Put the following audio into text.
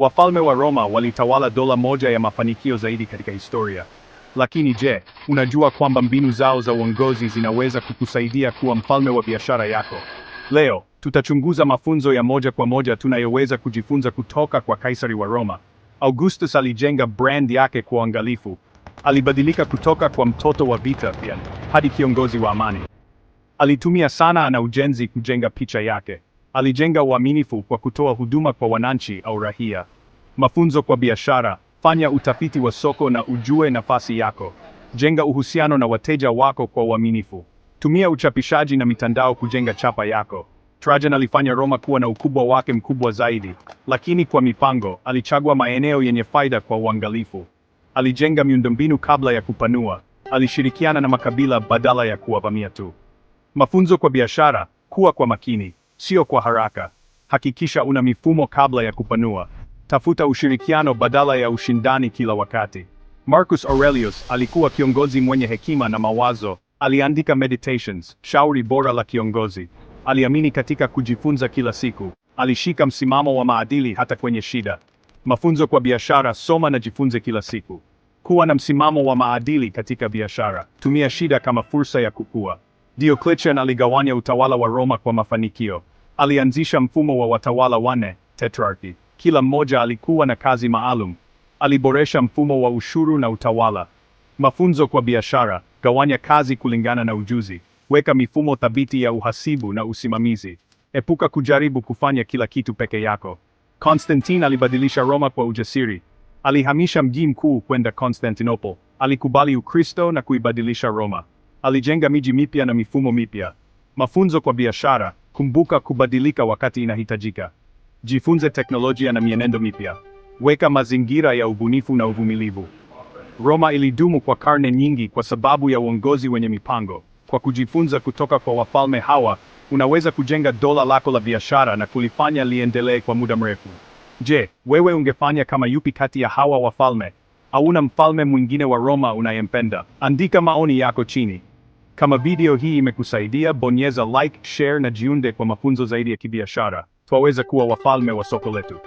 Wafalme wa Roma walitawala dola moja ya mafanikio zaidi katika historia. Lakini je, unajua kwamba mbinu zao za uongozi zinaweza kukusaidia kuwa mfalme wa biashara yako? Leo tutachunguza mafunzo ya moja kwa moja tunayoweza kujifunza kutoka kwa Kaisari wa Roma. Augustus alijenga brand yake kwa uangalifu. Alibadilika kutoka kwa mtoto wa vita hadi kiongozi wa amani. Alitumia sanaa na ujenzi kujenga picha yake. Alijenga uaminifu kwa kutoa huduma kwa wananchi au raia. Mafunzo kwa biashara: fanya utafiti wa soko na ujue nafasi yako. Jenga uhusiano na wateja wako kwa uaminifu. Tumia uchapishaji na mitandao kujenga chapa yako. Trajan alifanya Roma kuwa na ukubwa wake mkubwa zaidi, lakini kwa mipango, alichagua maeneo yenye faida kwa uangalifu. Alijenga miundombinu kabla ya kupanua. Alishirikiana na makabila badala ya kuwavamia tu. Mafunzo kwa biashara: kuwa kwa makini sio kwa haraka. Hakikisha una mifumo kabla ya kupanua. Tafuta ushirikiano badala ya ushindani kila wakati. Marcus Aurelius alikuwa kiongozi mwenye hekima na mawazo. Aliandika Meditations, shauri bora la kiongozi. Aliamini katika kujifunza kila siku. Alishika msimamo wa maadili hata kwenye shida. Mafunzo kwa biashara: soma na jifunze kila siku. Kuwa na msimamo wa maadili katika biashara. Tumia shida kama fursa ya kukua. Diocletian aligawanya utawala wa Roma kwa mafanikio alianzisha mfumo wa watawala wane tetrarchy. Kila mmoja alikuwa na kazi maalum. Aliboresha mfumo wa ushuru na utawala. Mafunzo kwa biashara, gawanya kazi kulingana na ujuzi, weka mifumo thabiti ya uhasibu na usimamizi, epuka kujaribu kufanya kila kitu peke yako. Constantine alibadilisha Roma kwa ujasiri. Alihamisha mji mkuu kwenda Constantinople. Alikubali Ukristo na kuibadilisha Roma. Alijenga miji mipya na mifumo mipya. Mafunzo kwa biashara, Kumbuka kubadilika wakati inahitajika. Jifunze teknolojia na mienendo mipya. Weka mazingira ya ubunifu na uvumilivu. Roma ilidumu kwa karne nyingi kwa sababu ya uongozi wenye mipango. Kwa kujifunza kutoka kwa wafalme hawa, unaweza kujenga dola lako la biashara na kulifanya liendelee kwa muda mrefu. Je, wewe ungefanya kama yupi kati ya hawa wafalme? Hauna mfalme mwingine wa Roma unayempenda? Andika maoni yako chini. Kama video hii imekusaidia, bonyeza like, share na jiunde kwa mafunzo zaidi ya kibiashara. Twaweza kuwa wafalme wa soko letu.